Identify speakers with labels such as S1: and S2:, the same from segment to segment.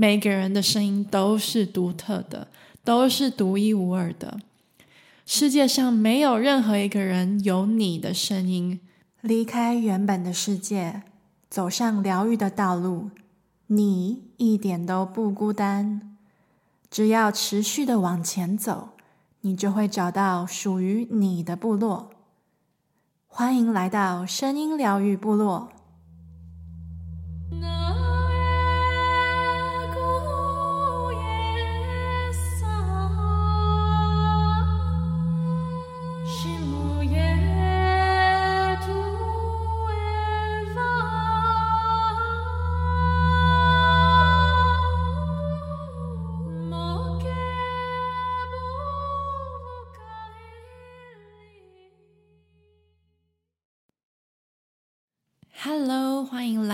S1: 每個人的聲音都是獨特的，都是獨一無二的。世界上沒有任何一個人有你的聲音。離開原本的世界，走上療癒的道路，你一點都不孤單。只要持續的往前走，你就會找到屬於你的部落。歡迎來到聲音療癒部落。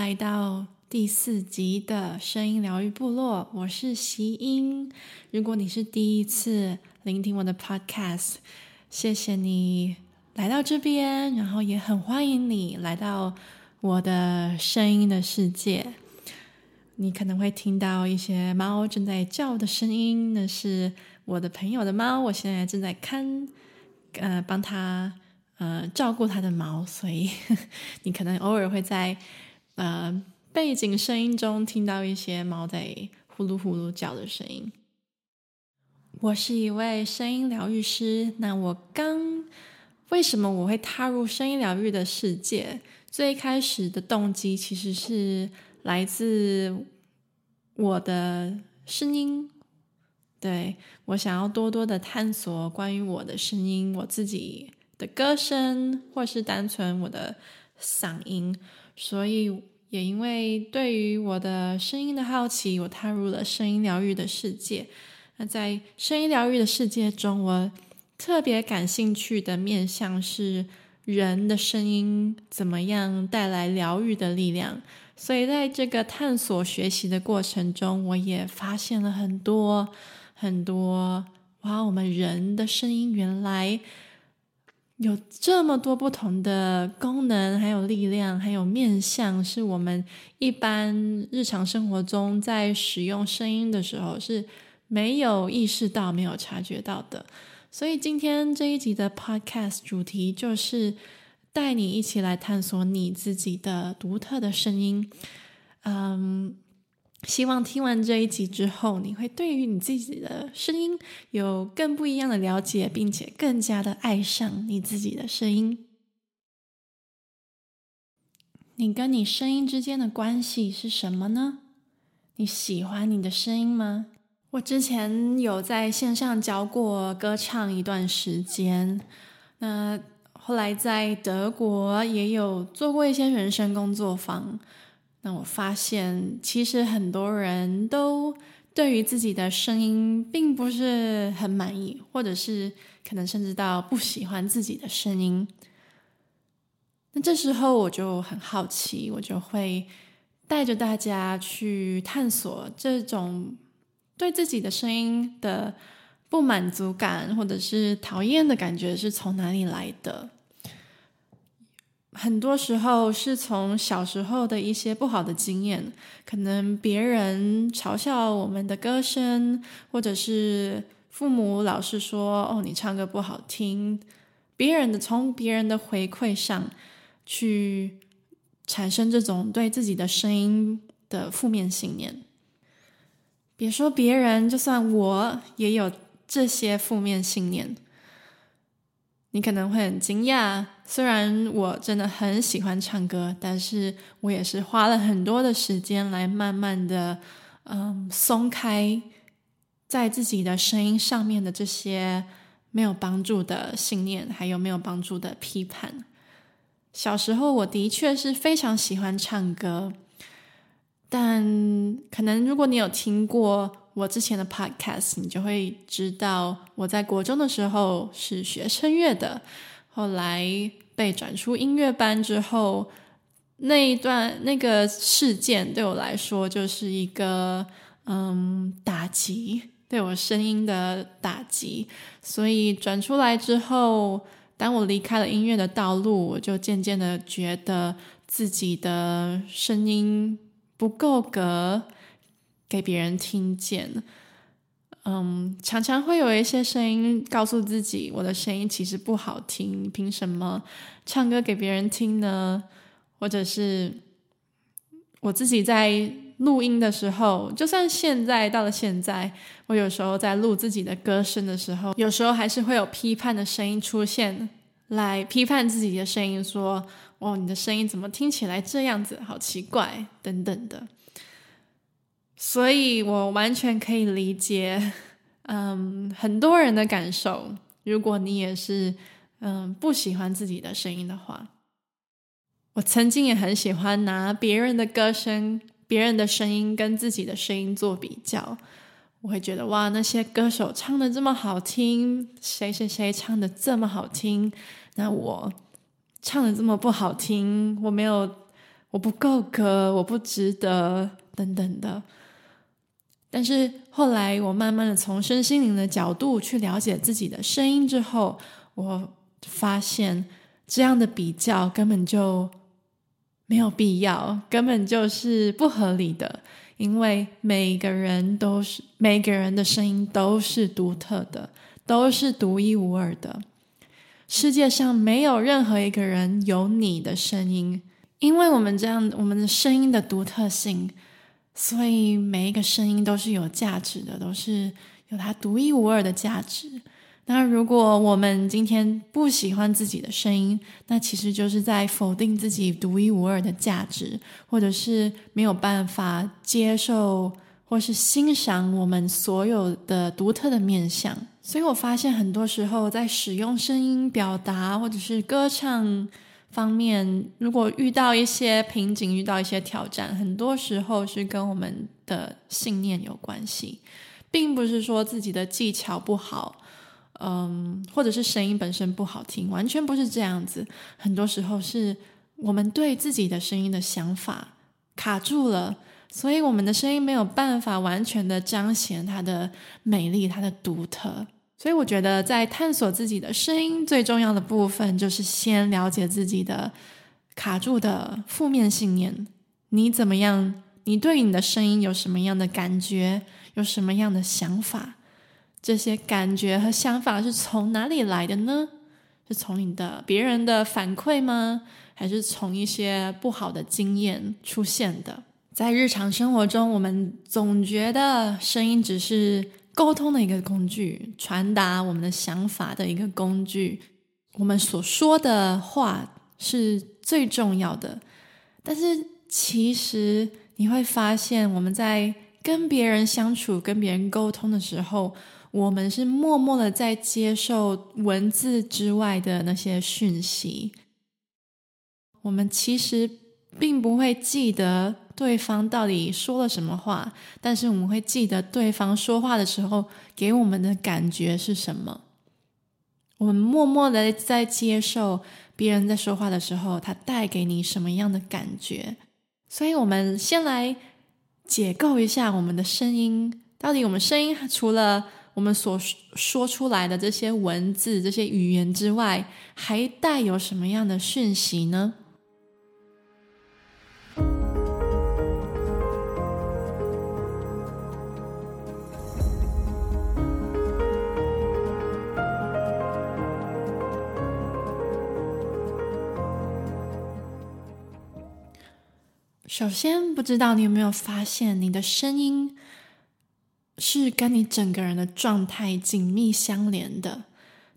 S1: 來到第四集的聲音療癒部落，我是席音。如果你是第一次聆聽我的 podcast，謝謝你來到這邊，然後也很歡迎你來到我的聲音的世界。你可能會聽到一些貓正在叫的聲音，那是我的朋友的貓，我現在正在看，呃，幫他呃照顧他的貓，所以 你可能偶爾會在。呃，背景聲音中聽到一些貓仔呼嚕呼嚕叫的聲音。我是一位聲音療癒師。那我剛為什麼我會踏入聲音療癒的世界？最開始的動機其實是來自我的聲音。對，我想要多多的探索關於我的聲音，我自己的歌聲，或是單純我的嗓音。所以，也因為對於我的聲音的好奇，我踏入了聲音療癒的世界。那在聲音療癒的世界中，我特別感興趣的面向是人的聲音怎麼樣帶來療癒的力量。所以在這個探索學習的過程中，我也發現了很多很多，哇，我們人的聲音原來。有這麼多不同的功能，還有力量，還有面向，是我們一般日常生活中在使用聲音的時候是沒有意識到、沒有察覺到的。所以，今天這一集的 Podcast 主題就是帶你一起來探索你自己的獨特的聲音。嗯、um。希望聽完這一集之後，你會對於你自己的聲音有更不一樣的了解，並且更加的愛上你自己的聲音。你跟你聲音之間的關係是什麼呢？你喜歡你的聲音嗎？我之前有在線上教過歌唱一段時間，那後來在德國也有做過一些人聲工作坊。那我發現，其實很多人都對於自己的聲音並不是很滿意，或者是可能甚至到不喜歡自己的聲音。那這時候我就很好奇，我就會帶着大家去探索這種對自己的聲音的不滿足感，或者是討厭的感覺是從哪裡來的。很多時候是從小時候的一些不好的經驗，可能別人嘲笑我們的歌聲，或者是父母老是說“哦，你唱歌不好聽”，別人的從別人的回饋上去產生這種對自己的聲音的負面信念。別說別人，就算我也有這些負面信念。你可能會很驚訝。雖然我真的很喜歡唱歌，但是我也是花了很多的時間來慢慢的，嗯，鬆開在自己的聲音上面的這些沒有幫助的信念，還有沒有幫助的批判。小時候我的確是非常喜歡唱歌，但可能如果你有聽過我之前的 podcast，你就會知道我在國中的時候是學聲樂的。後來被轉出音樂班之後，那一段那個事件對我來說就是一個嗯打擊，對我聲音的打擊。所以轉出來之後，當我離開了音樂的道路，我就漸漸的覺得自己的聲音不夠格給別人聽見。嗯，常常會有一些聲音告訴自己，我的聲音其實不好聽，憑什麼唱歌給別人聽呢？或者是我自己在錄音的時候，就算現在到了現在，我有時候在錄自己的歌聲的時候，有時候還是會有批判的聲音出現，來批判自己的聲音，說：“哦，你的聲音怎麼聽起來這樣子，好奇怪，等等的。”所以我完全可以理解，嗯，um，很多人的感受。如果你也是，嗯，um，不喜歡自己的聲音的話，我曾經也很喜歡拿別人的歌聲、別人的聲音跟自己的聲音做比較。我會覺得，哇，那些歌手唱得這麼好聽，誰誰誰唱得這麼好聽，那我唱得這麼不好聽，我沒有，我不夠格，我不值得，等等的。但是後來，我慢慢的從身心靈的角度去了解自己的聲音之後，我發現這樣的比較根本就沒有必要，根本就是不合理的。因為每個人都是，每個人的聲音都是獨特的，都是獨一無二的。世界上沒有任何一個人有你的聲音，因為我們這樣，我們的聲音的獨特性。所以每一個聲音都是有價值的，都是有它獨一無二的價值。那如果我們今天不喜歡自己的聲音，那其實就是在否定自己獨一無二的價值，或者是沒有辦法接受或是欣賞我們所有的獨特的面向。所以我發現很多時候在使用聲音表達或者是歌唱方面，如果遇到一些瓶頸，遇到一些挑戰，很多時候是跟我們的信念有關係，並不是說自己的技巧不好，嗯，或者是聲音本身不好聽，完全不是這樣子。很多時候是我們對自己的聲音的想法卡住了，所以我們的聲音沒有辦法完全的彰顯它的美麗，它的獨特。所以，我覺得在探索自己的聲音最重要的部分，就是先了解自己的卡住的負面信念。你怎麼樣？你對你的聲音有什麼樣的感覺？有什麼樣的想法？這些感覺和想法是從哪裡來的呢？是從你的別人的反饋嗎？還是從一些不好的經驗出現的？在日常生活中，我們總覺得聲音只是溝通的一個工具，傳達我們的想法的一個工具，我們所說的話是最重要的。但是，其實你會發現，我們在跟別人相處、跟別人溝通的時候，我們是默默的在接受文字之外的那些訊息。我們其實並不會記得。對方到底說了什麼話，但是我們會記得對方說話的時候給我們的感覺是什麼。我們默默的在接受別人在說話的時候，他帶給你什麼樣的感覺。所以，我們先來解構一下我們的聲音。到底我們聲音除了我們所說出來的這些文字、這些語言之外，還帶有什麼樣的訊息呢？首先，不知道你有沒有發現，你的聲音是跟你整個人的狀態緊密相連的。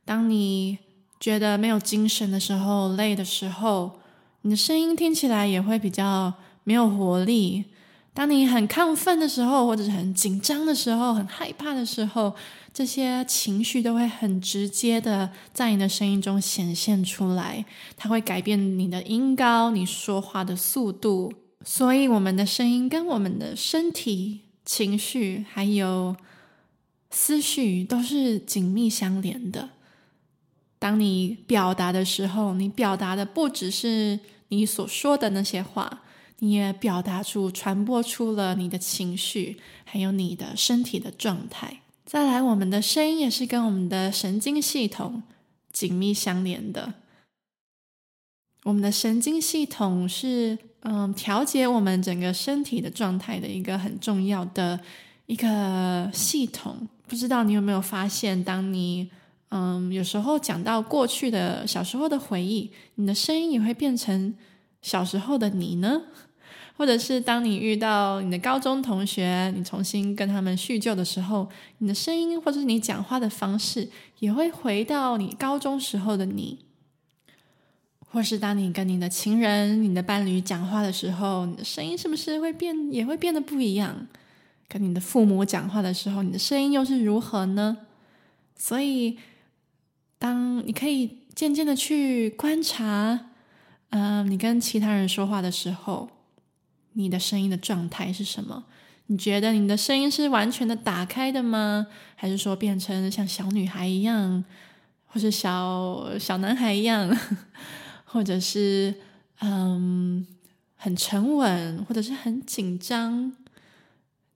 S1: 當你覺得沒有精神的時候、累的時候，你的聲音聽起來也會比較沒有活力。當你很亢奮的時候，或者是很緊張的時候、很害怕的時候，這些情緒都會很直接的在你的聲音中顯現出來，它會改變你的音高、你說話的速度。所以，我們的聲音跟我們的身體、情緒還有思緒都是緊密相連的。當你表達的時候，你表達的不只是你所說的那些話，你也表達出、傳播出了你的情緒，還有你的身體的狀態。再來，我們的聲音也是跟我們的神經系統緊密相連的。我們的神經系統是。嗯，調節我們整個身體的狀態的一個很重要的一個系統。不知道你有沒有發現，當你嗯有時候講到過去的小時候的回憶，你的聲音也會變成小時候的你呢？或者是當你遇到你的高中同學，你重新跟他們敘舊的時候，你的聲音或者是你講話的方式也會回到你高中時候的你。或是當你跟你的情人、你的伴侶講話的時候，你的聲音是不是會變，也會變得不一樣？跟你的父母講話的時候，你的聲音又是如何呢？所以，當你可以漸漸的去觀察，嗯、呃，你跟其他人說話的時候，你的聲音的狀態是什麼？你覺得你的聲音是完全的打開的嗎？還是說變成像小女孩一樣，或是小小男孩一樣？或者是，嗯，很沉穩，或者是很緊張，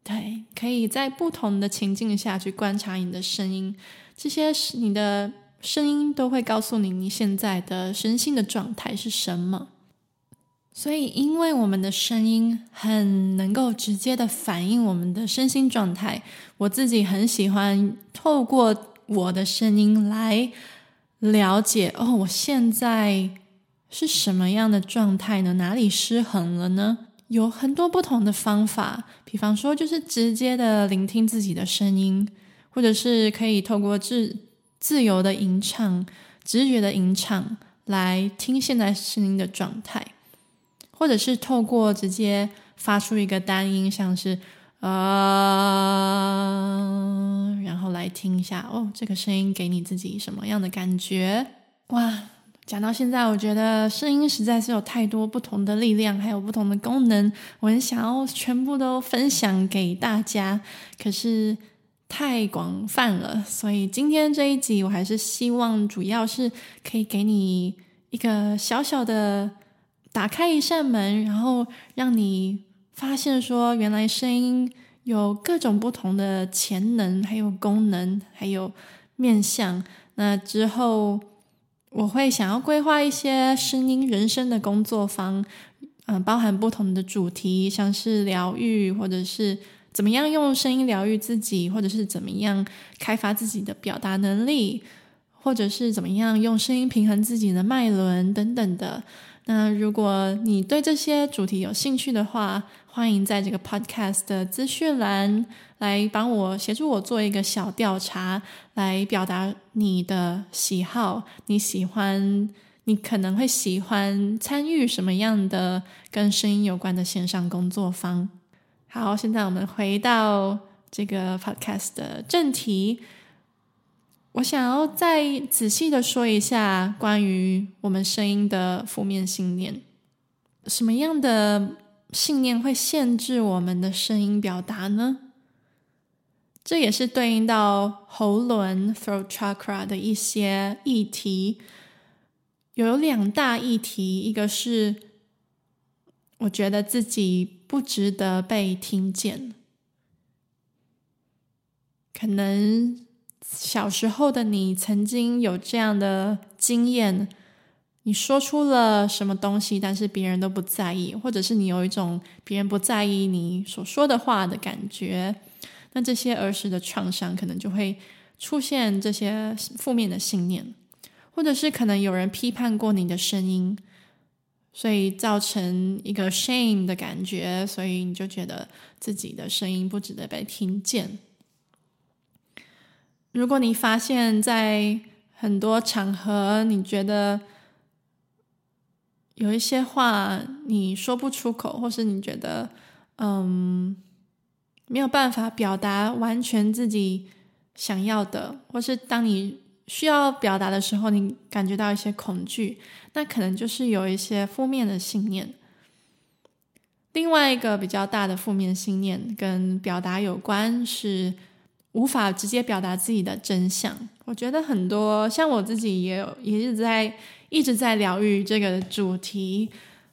S1: 對，可以在不同的情境下去觀察你的聲音，這些你的聲音都會告訴你你現在的身心的狀態是什麼。所以，因為我們的聲音很能夠直接的反映我們的身心狀態，我自己很喜歡透過我的聲音來了解哦，我現在。是什麼樣的狀態呢？哪裡失衡了呢？有很多不同的方法，比方說就是直接的聆聽自己的聲音，或者是可以透過自自由的吟唱、直覺的吟唱來聽現在聲音的狀態，或者是透過直接發出一個單音，像是啊、呃，然後來聽一下哦，這個聲音給你自己什麼樣的感覺？哇！講到現在，我覺得聲音實在是有太多不同的力量，還有不同的功能，我很想要全部都分享給大家，可是太廣泛了，所以今天這一集，我還是希望主要是可以給你一個小小的打開一扇門，然後讓你發現說，原來聲音有各種不同的潛能，還有功能，還有面向。那之後，我會想要規劃一些聲音人聲的工作坊，嗯、呃，包含不同的主題，像是療癒，或者是怎麼樣用聲音療癒自己，或者是怎麼樣開發自己的表達能力，或者是怎麼樣用聲音平衡自己的脈輪等等的。那如果你對這些主題有興趣的話，歡迎在這個 podcast 的資訊欄來幫我協助我做一個小調查，來表達你的喜好，你喜歡，你可能會喜歡參與什麼樣的跟聲音有關的線上工作坊？好，現在我們回到這個 podcast 的正題，我想要再仔細的說一下關於我們聲音的負面信念，什麼樣的？信念會限制我們的聲音表達呢，這也是對應到喉嚨 t h r o a t chakra） 的一些議題。有兩大議題，一個是我覺得自己不值得被聽見，可能小時候的你曾經有這樣的經驗。你說出了什麼東西，但是別人都不在意，或者是你有一種別人不在意你所說的話的感覺，那這些兒時的創傷可能就會出現這些負面的信念，或者是可能有人批判過你的聲音，所以造成一個 shame 的感覺，所以你就覺得自己的聲音不值得被聽見。如果你發現，在很多場合，你覺得，有一些話你說不出口，或是你覺得，嗯，沒有辦法表達完全自己想要的，或是當你需要表達的時候，你感覺到一些恐懼，那可能就是有一些負面的信念。另外一個比較大的負面信念跟表達有關，是無法直接表達自己的真相。我覺得很多，像我自己也有，也一直在。一直在療癒這個主題，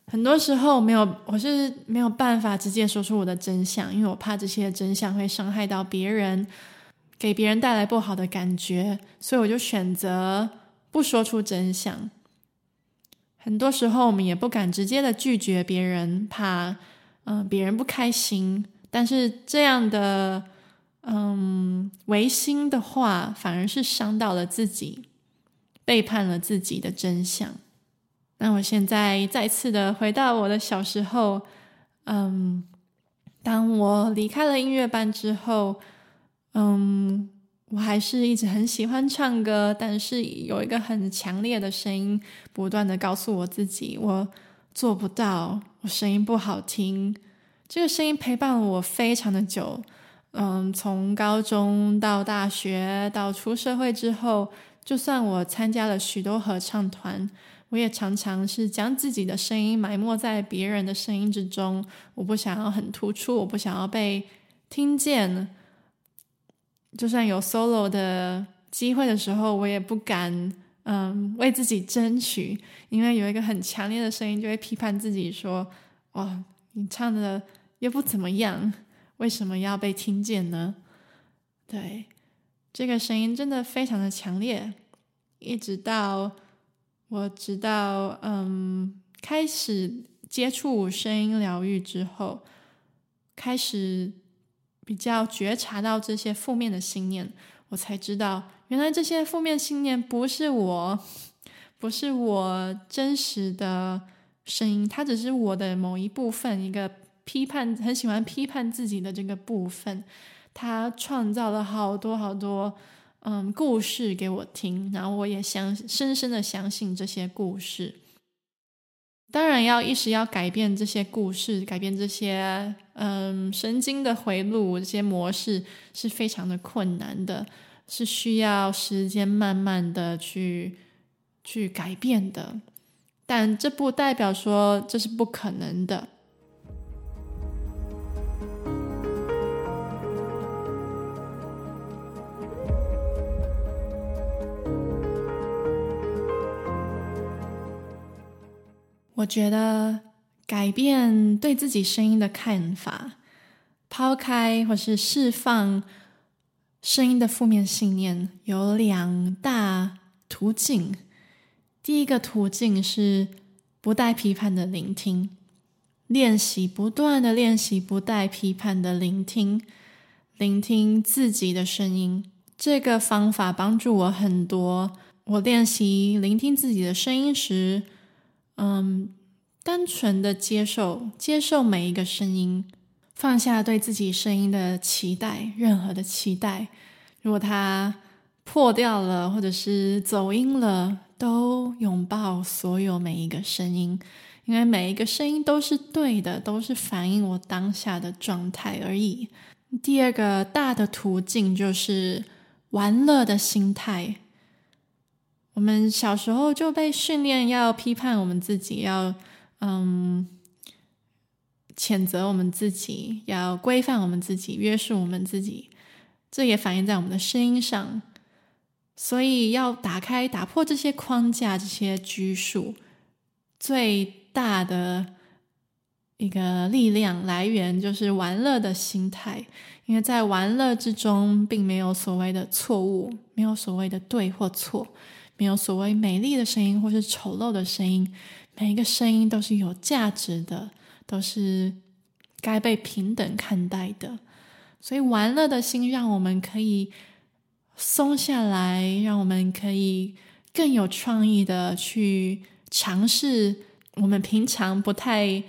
S1: 很多時候沒有，我是沒有辦法直接說出我的真相，因為我怕這些真相會傷害到別人，給別人帶來不好的感覺，所以我就選擇不說出真相。很多時候，我們也不敢直接的拒絕別人，怕嗯、呃、別人不開心，但是這樣的嗯違心的話，反而是傷到了自己。背叛了自己的真相。那我現在再次的回到我的小時候，嗯，當我離開了音樂班之後，嗯，我還是一直很喜歡唱歌，但是有一個很強烈的聲音不斷的告訴我自己，我做不到，我聲音不好聽。這個聲音陪伴了我非常的久，嗯，從高中到大學到出社會之後。就算我參加了許多合唱團，我也常常是將自己的聲音埋沒在別人的聲音之中。我不想要很突出，我不想要被聽見。就算有 solo 的機會的時候，我也不敢，嗯，為自己爭取，因為有一個很強烈的聲音就會批判自己說：“哇，你唱的又不怎麼樣，為什麼要被聽見呢？”對。這個聲音真的非常的強烈，一直到，我直到，嗯，開始接觸聲音療癒之後，開始比較覺察到這些負面的信念，我才知道原來這些負面信念不是我，不是我真實的聲音，它只是我的某一部分，一個批判，很喜歡批判自己的這個部分。他創造了好多好多，嗯，故事給我聽，然後我也相深深的相信這些故事。當然，要一時要改變這些故事，改變這些嗯神經的迴路，這些模式，是非常的困難的，是需要時間慢慢的去去改變的。但這不代表說這是不可能的。我覺得改變對自己聲音的看法，拋開或是釋放聲音的負面信念有兩大途徑。第一個途徑是不帶批判的聆聽，練習不斷的練習不帶批判的聆聽，聆聽自己的聲音。這個方法幫助我很多。我練習聆聽自己的聲音時，嗯，um, 單純的接受，接受每一個聲音，放下對自己聲音的期待，任何的期待。如果它破掉了，或者是走音了，都擁抱所有每一個聲音，因為每一個聲音都是對的，都是反映我當下的狀態而已。第二個大的途徑就是玩樂的心態。我們小時候就被訓練要批判我們自己，要嗯譴責我們自己，要規範我們自己，約束我們自己。這也反映在我們的聲音上。所以，要打開、打破這些框架、這些拘束，最大的一個力量來源就是玩樂的心態，因為在玩樂之中，並沒有所謂的錯誤，沒有所謂的對或錯。沒有所謂美麗的聲音或是醜陋的聲音，每一個聲音都是有價值的，都是該被平等看待的。所以，玩樂的心讓我們可以鬆下來，讓我們可以更有創意的去嘗試我們平常不太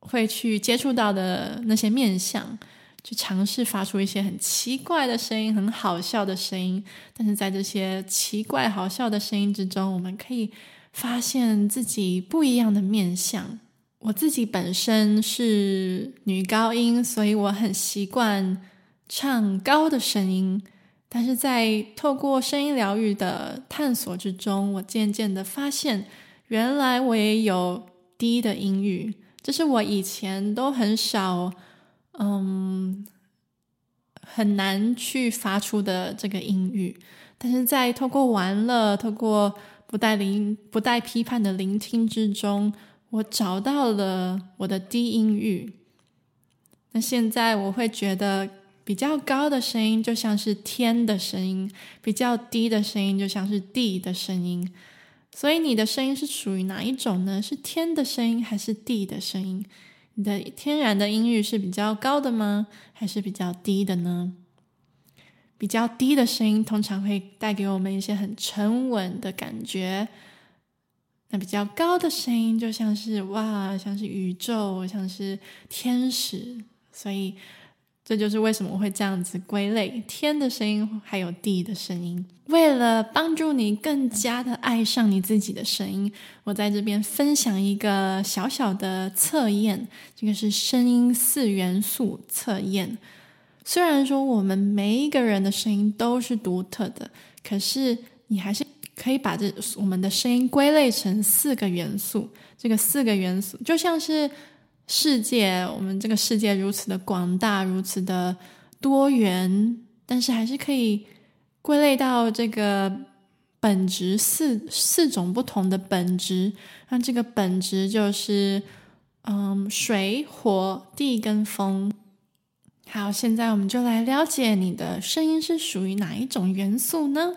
S1: 會去接觸到的那些面向。去嘗試發出一些很奇怪的聲音，很好笑的聲音。但是在這些奇怪、好笑的聲音之中，我們可以發現自己不一樣的面相。我自己本身是女高音，所以我很習慣唱高的聲音。但是在透過聲音療癒的探索之中，我漸漸的發現，原來我也有低的音域。這，就是我以前都很少。嗯，um, 很難去發出的這個音域，但是在透過玩樂、透過不帶不帶批判的聆聽之中，我找到了我的低音域。那現在我會覺得比較高的聲音就像是天的聲音，比較低的聲音就像是地的聲音。所以你的聲音是屬於哪一種呢？是天的聲音還是地的聲音？你的天然的音域是比較高的嗎？還是比較低的呢？比較低的聲音通常會帶給我們一些很沉穩的感覺，那比較高的聲音就像是哇，像是宇宙，像是天使，所以。這就是為什麼我會這樣子歸類，天的聲音還有地的聲音。為了幫助你更加的愛上你自己的聲音，我在這邊分享一個小小的測驗，這個是聲音四元素測驗。雖然說我們每一個人的聲音都是獨特的，可是你還是可以把這我們的聲音歸類成四個元素。這個四個元素就像是。世界，我們這個世界如此的廣大，如此的多元，但是還是可以歸類到這個本質四，四種不同的本質。那這個本質就是，嗯，水、火、地跟風。好，現在我們就來了解你的聲音是屬於哪一種元素呢？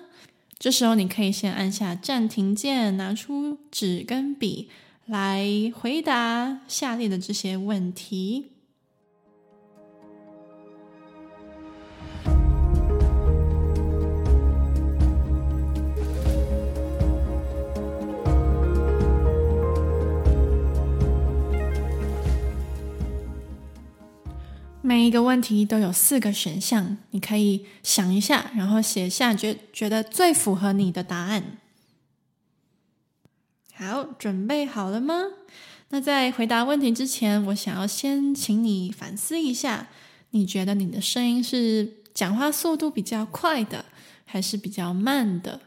S1: 這時候你可以先按下暫停鍵，拿出紙跟筆。來回答下列的這些問題。每一個問題都有四個選項，你可以想一下，然後寫下覺覺得最符合你的答案。好，準備好了嗎？那在回答問題之前，我想要先請你反思一下，你覺得你的聲音是講話速度比較快的，還是比較慢的，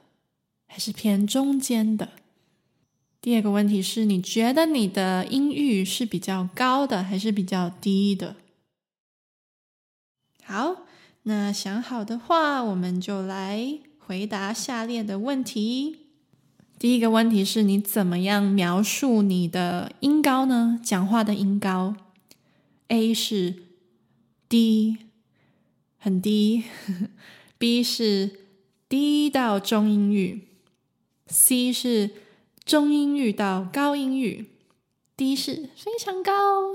S1: 還是偏中間的？第二個問題是，你覺得你的音域是比較高的，還是比較低的？好，那想好的話，我們就來回答下列的問題。第一個問題是，你怎麼樣描述你的音高呢？講話的音高，A 是低，很低；B 是低到中音域；C 是中音域到高音域；D 是非常高。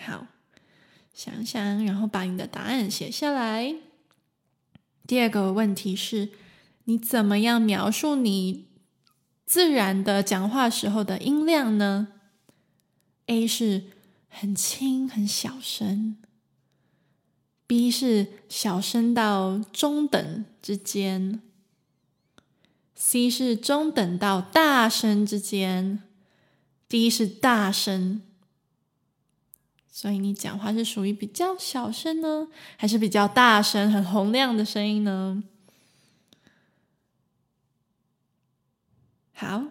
S1: 好，想想，然後把你的答案寫下來。第二個問題是，你怎麼樣描述你自然的講話時候的音量呢？A 是很輕很小聲，B 是小聲到中等之間，C 是中等到大聲之間，D 是大聲。所以你講話是屬於比較小聲呢，還是比較大聲、很洪亮的聲音呢？好，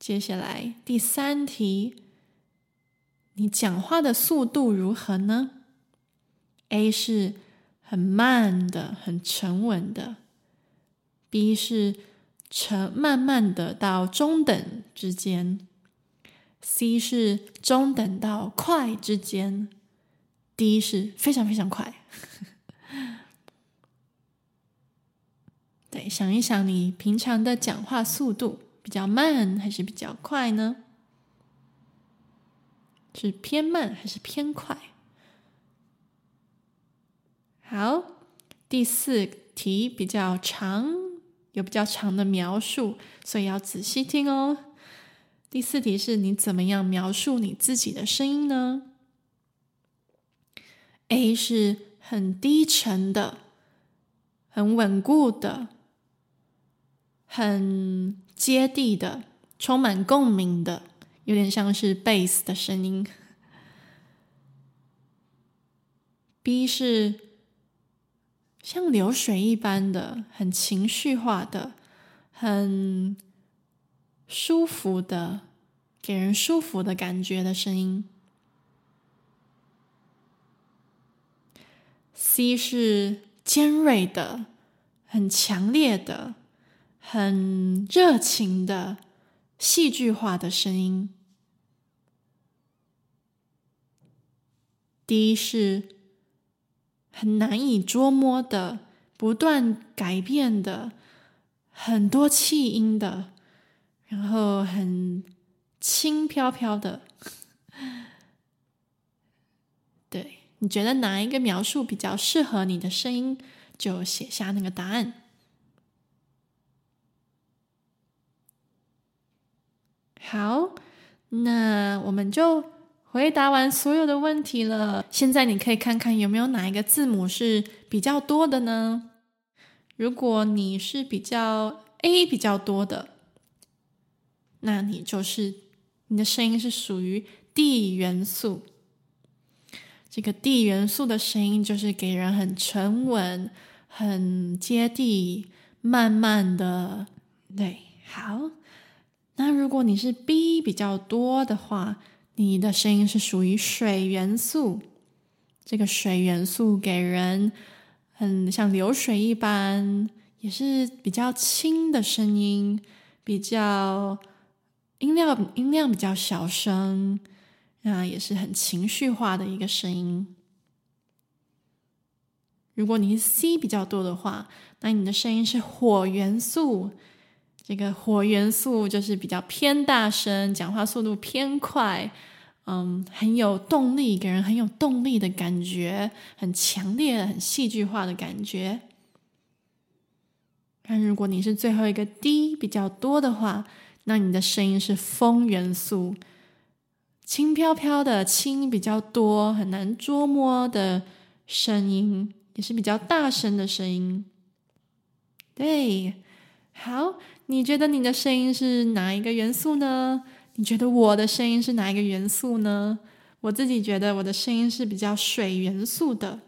S1: 接下來第三題，你講話的速度如何呢？A 是很慢的，很沉穩的；B 是沉慢慢的到中等之間。C 是中等到快之間，D 是非常非常快。 對，想一想，你平常的講話速度比較慢還是比較快呢？是偏慢還是偏快？好，第四題比較長，有比較長的描述，所以要仔細聽哦。第四題是你怎麼樣描述你自己的聲音呢？A 是很低沉的、很穩固的、很接地的、充滿共鳴的，有點像是貝斯的聲音。B 是像流水一般的、很情緒化的、很舒服的，給人舒服的感覺的聲音。C 是尖銳的、很強烈的、很熱情的、戲劇化的聲音。D 是很難以捉摸的、不斷改變的、很多氣音的。然後很輕飄飄的，對，你覺得哪一個描述比較適合你的聲音，就寫下那個答案。好，那我們就回答完所有的問題了。現在你可以看看有沒有哪一個字母是比較多的呢？如果你是比較 A 比較多的。那你就是你的聲音是屬於地元素，這個地元素的聲音就是給人很沉穩、很接地、慢慢的。對，好。那如果你是 B 比較多的話，你的聲音是屬於水元素，這個水元素給人很像流水一般，也是比較輕的聲音，比較。音量，音量比較小聲，那也是很情緒化的一個聲音。如果你是 C 比較多的話，那你的聲音是火元素。這個火元素就是比較偏大聲，講話速度偏快，嗯，很有動力，給人很有動力的感覺，很強烈，很戲劇化的感覺。但如果你是最後一個 D 比較多的話，那你的聲音是風元素，輕飄飄的，輕比較多，很難捉摸的聲音，也是比較大聲的聲音。對，好，你覺得你的聲音是哪一個元素呢？你覺得我的聲音是哪一個元素呢？我自己覺得我的聲音是比較水元素的，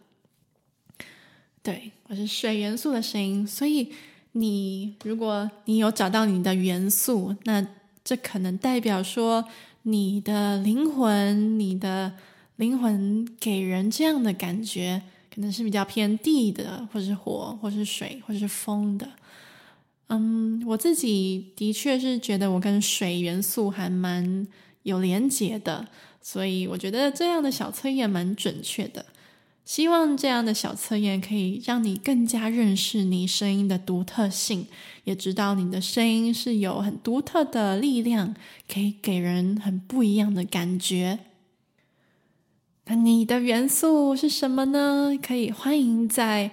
S1: 對，我是水元素的聲音，所以。你如果你有找到你的元素，那這可能代表說你的靈魂，你的靈魂給人這樣的感覺，可能是比較偏地的，或是火，或是水，或者是風的。嗯，我自己的確是覺得我跟水元素還蠻有連結的，所以我覺得這樣的小測也蠻準確的。希望這樣的小測驗可以讓你更加認識你聲音的獨特性，也知道你的聲音是有很獨特的力量，可以給人很不一樣的感覺。那你的元素是什麼呢？可以歡迎在，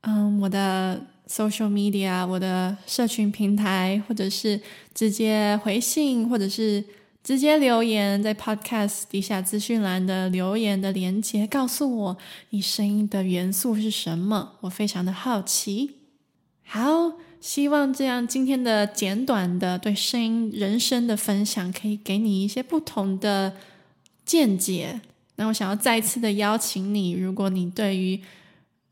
S1: 嗯，我的 social media、我的社群平台，或者是直接回信，或者是。直接留言在 podcast 底下資訊欄的留言的連結，告訴我你聲音的元素是什麼，我非常的好奇。好，希望這樣今天的簡短的對聲音人生的分享，可以給你一些不同的見解。那我想要再次的邀請你，如果你對於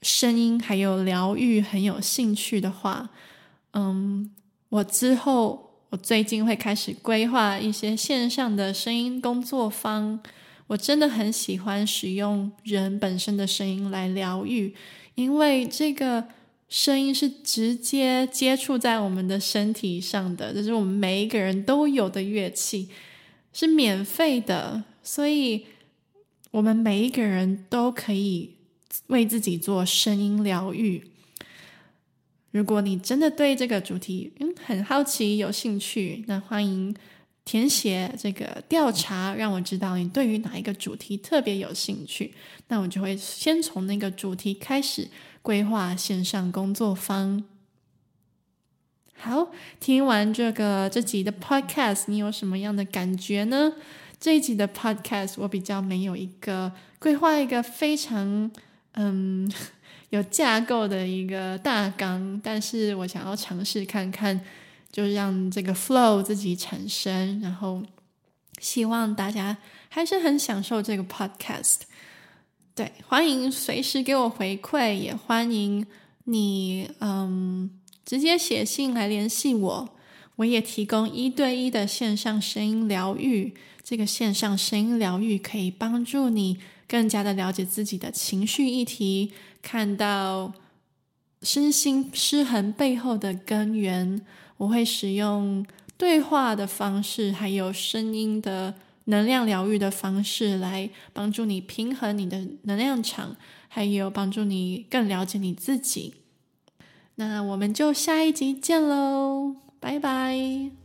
S1: 聲音還有療癒很有興趣的話，嗯，我之後。我最近會開始規劃一些線上的聲音工作坊。我真的很喜歡使用人本身的聲音來療癒，因為這個聲音是直接接觸在我們的身體上的，這、就是我們每一個人都有的樂器，是免費的，所以我們每一個人都可以為自己做聲音療癒。如果你真的對這個主題嗯很好奇、有興趣，那歡迎填寫這個調查，讓我知道你對於哪一個主題特別有興趣。那我就會先從那個主題開始規劃線上工作坊。好，聽完這個這集的 podcast，你有什麼樣的感覺呢？這一集的 podcast，我比較沒有一個規劃一個非常嗯。有架構的一個大綱，但是我想要嘗試看看，就讓這個 flow 自己產生。然後希望大家還是很享受這個 podcast。對，歡迎隨時給我回饋，也歡迎你嗯直接寫信來聯繫我。我也提供一對一的線上聲音療癒，這個線上聲音療癒可以幫助你更加的了解自己的情緒議題。看到身心失衡背後的根源，我會使用對話的方式，還有聲音的能量療癒的方式來幫助你平衡你的能量場，還有幫助你更了解你自己。那我們就下一集見嘍，拜拜。